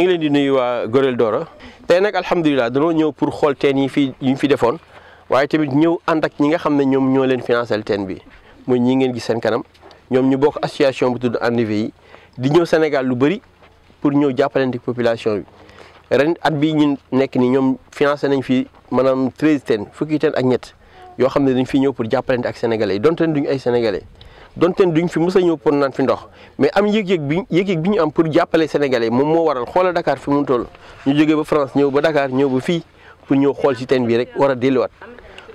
ñu leen di nuyu waa Gourel Dora tey nag alhamdulilah danoo ñëw pour xool teen yi fi yi fi defoon waaye tamit ñëw ànd ak ñi nga xam ne ñoom ñoo leen financé teen bi muy ñi ngeen gis seen kanam ñoom ñu bokk association bu tudd ANAVI di ñëw Sénégal lu bëri pour ñëw jàppalante population bi ren at bii ñu nekk ni ñoom financé nañ fi maanaam treize teen fukki teen ak ñett yoo xam ne dañ fi ñëw pour jàppalante ak sénégalais yi donte duñu ay sénégalais. donte duñ fi mës sa ñëw pour naan fi ndox mais am yëg-yëg bi yëg bi ñu am pour jàppale sénégalais moom moo waral xoola Dakar fi mu toll ñu jógee ba France ñëw ba Dakar ñëw ba fii pour ñëw xool si ten bi rek war a delluwaat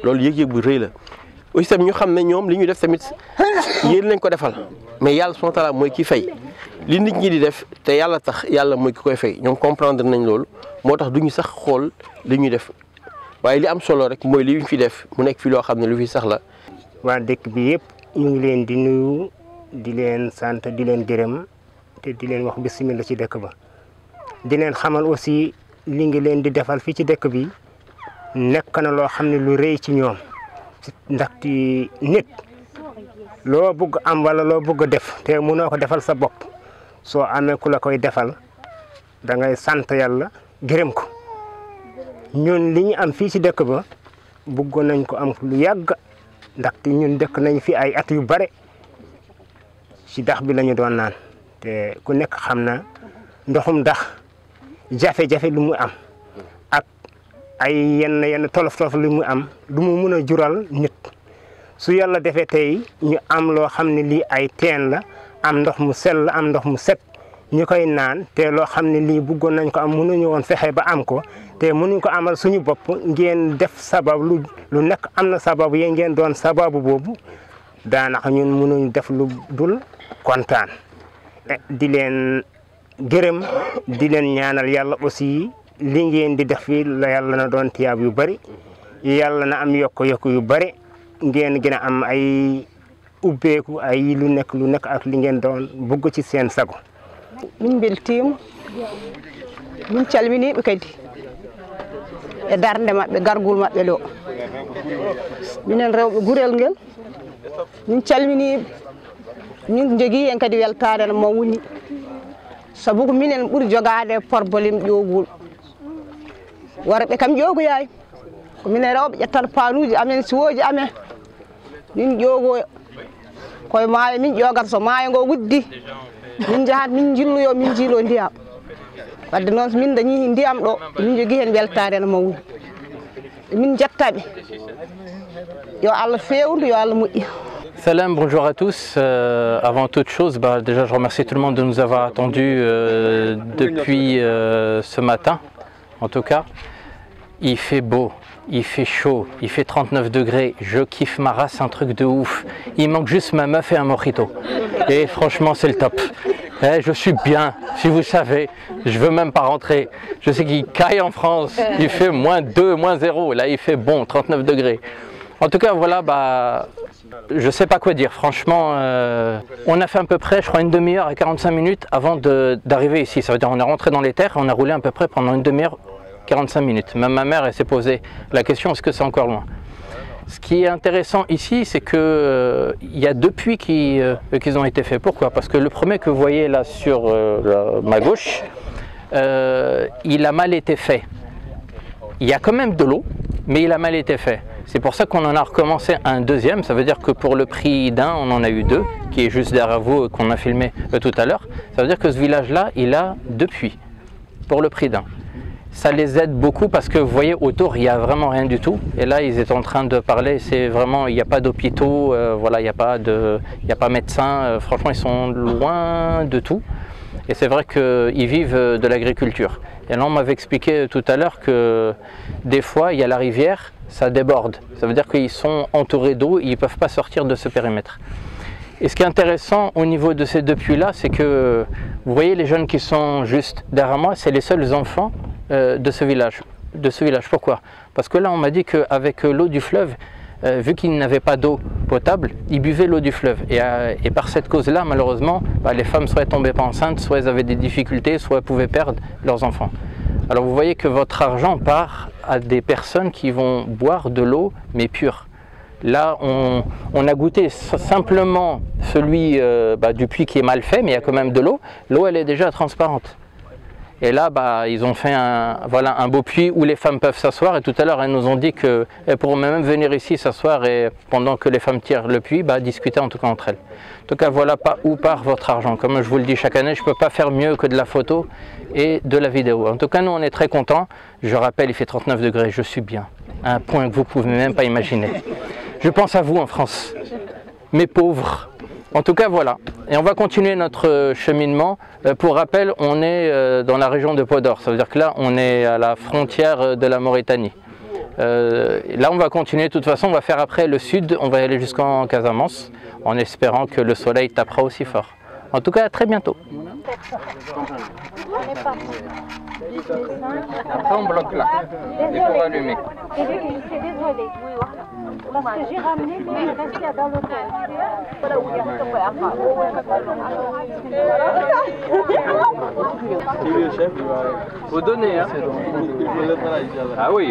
loolu yëg bu rëy la. aussi ñu xam ne ñoom li ñu def tamit yéen lañ ko defal mais yàlla subhaanahu wa mooy ki fay li nit ñi di def te yàlla tax yàlla mooy ki koy fay ñoom comprendre nañ loolu moo tax duñu sax xool li ñu def waaye li am solo rek mooy li ñu fi def mu nekk fi loo xam ne lu fi sax la waa dëkk bi yëpp ñu ngi leen di nuyu di leen sant di leen gërëm te di leen wax bismillah ci dëkk ba di leen xamal aussi li ngi leen di defal fi ci dëkk bi nekk na loo xam ne lu rëy ci ñoom ti nit loo bugg am wala loo bugg def te mënoo ko defal sa bopp soo amee ku la koy defal da ngay sant yàlla gërëm ko ñun li ñu am fii ci dëkk ba buggoon nañ ko am lu yàgg ndaxte ñun dëkk nañ fi ay at yu bare ci dax bi lañu doon naan te ku nekk xam na ndoxum dax jafe-jafe lu mu am ak ay yenn yenn tolof-tolof lu mu am lu mu mun a jural nit su yàlla defee tey ñu am loo xam ne lii ay teen la am ndox mu sell am ndox mu set ñu koy naan te lo xamni li bëggon nañ ko am ñu won fexé ba am ko te mënuñ ko amal suñu bop ngeen def sabab lu lu nek amna sabab ye don ngeen doon sababu da daanaka ñun ñu def lu dul kontaan eh, di leen gërem di leen ñaanal yalla aussi li ngeen di def fi la yalla na doon tiyab yu bari yalla na am yokk-yokk yu bari ngeen gëna am ay ubbeeku ay lu nek lu nek ak li ngeen doon bëgg ci seen sago min tim min be kadi e darde gargul gargol maɓɓe min minen rewɓe gurel ngel min calmini min jogi en kadi weltare no wuni sabu ko minen buri jogade porbolim jogul warbe kam yaay ko minen rewɓe ƴettata panuji amen suwoji amen min jogo koy maayo min jogar so maayo go wuddi min jahat min min min min hen weltare min yo allah yo allah Salam, bonjour à tous. Euh, avant toute chose, bah, déjà je remercie tout le monde de nous avoir attendus euh, depuis euh, ce matin, en tout cas. Il fait beau, il fait chaud, il fait 39 degrés, je kiffe ma race, un truc de ouf. Il manque juste ma meuf et un mojito et franchement c'est le top. Eh, je suis bien, si vous savez, je veux même pas rentrer. Je sais qu'il caille en France, il fait moins 2, moins 0, là il fait bon, 39 degrés. En tout cas, voilà, bah, je sais pas quoi dire. Franchement, euh, on a fait à peu près, je crois, une demi-heure et 45 minutes avant d'arriver ici. Ça veut dire qu'on est rentré dans les terres et on a roulé à peu près pendant une demi-heure 45 minutes. Même ma mère, elle s'est posée la question, est-ce que c'est encore loin ce qui est intéressant ici, c'est qu'il euh, y a deux puits euh, qui, ont été faits. Pourquoi Parce que le premier que vous voyez là sur euh, ma gauche, il a mal été fait. Il y a quand même de l'eau, mais il a mal été fait. C'est pour ça qu'on en a recommencé un deuxième. Ça veut dire que pour le prix d'un, on en a eu deux, qui est juste derrière vous, qu'on a filmé tout à l'heure. Ça veut dire que ce village-là, il a deux puits pour le prix d'un ça les aide beaucoup parce que vous voyez autour il n'y a vraiment rien du tout et là ils étaient en train de parler c'est vraiment il n'y a pas d'hôpitaux euh, voilà il n'y a pas de il a pas médecin euh, franchement ils sont loin de tout et c'est vrai qu'ils vivent euh, de l'agriculture et là on m'avait expliqué tout à l'heure que des fois il y a la rivière ça déborde ça veut dire qu'ils sont entourés d'eau ils ne peuvent pas sortir de ce périmètre et ce qui est intéressant au niveau de ces deux puits là c'est que vous voyez les jeunes qui sont juste derrière moi c'est les seuls enfants euh, de, ce village, de ce village. Pourquoi Parce que là, on m'a dit qu'avec l'eau du fleuve, euh, vu qu'ils n'avaient pas d'eau potable, ils buvaient l'eau du fleuve. Euh, et, par cette cause-là, malheureusement, bah, les femmes soit tombaient pas enceintes, soit elles avaient des difficultés, soit elles pouvaient perdre leurs enfants. Alors vous voyez que votre argent part à des personnes qui vont boire de l'eau, mais pure. Là, on, a goûté simplement celui bah, du puits qui est mal fait, mais il y a quand même de l'eau. L'eau, elle est déjà transparente. Et là, bah, ils ont fait un, voilà, un beau puits où les femmes peuvent s'asseoir. Et tout à l'heure, elles nous ont dit qu'elles pourront même venir ici s'asseoir et pendant que les femmes tirent le puits, bah, discuter en tout cas entre elles. En tout cas, voilà pas où part votre argent. Comme je vous le dis chaque année, je ne peux pas faire mieux que de la photo et de la vidéo. En tout cas, nous, on est très contents. Je rappelle, il fait 39 degrés, je suis bien. un point que vous ne pouvez même pas imaginer. Je pense à vous en France, mes pauvres. En tout cas, voilà. Et on va continuer notre euh, cheminement. Euh, pour rappel, on est euh, dans la région de Podor. Ça veut dire que là, on est à la frontière de la Mauritanie. là, on va continuer. De toute façon, on va faire après le sud. On va aller jusqu'en Casamance en espérant que le soleil tapera aussi fort. En tout cas, à très bientôt. Après, on bloque là. Il faut allumer. C'est désolé. Parce que j'ai ramené, mais il reste dans le chef, donner, hein. Ah oui.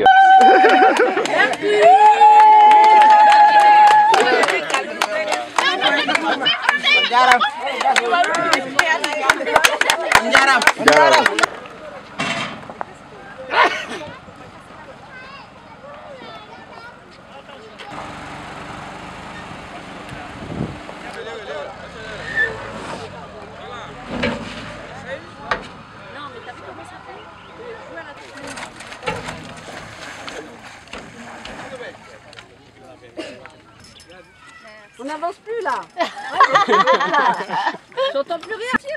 On n'avance plus là. J'entends plus rien.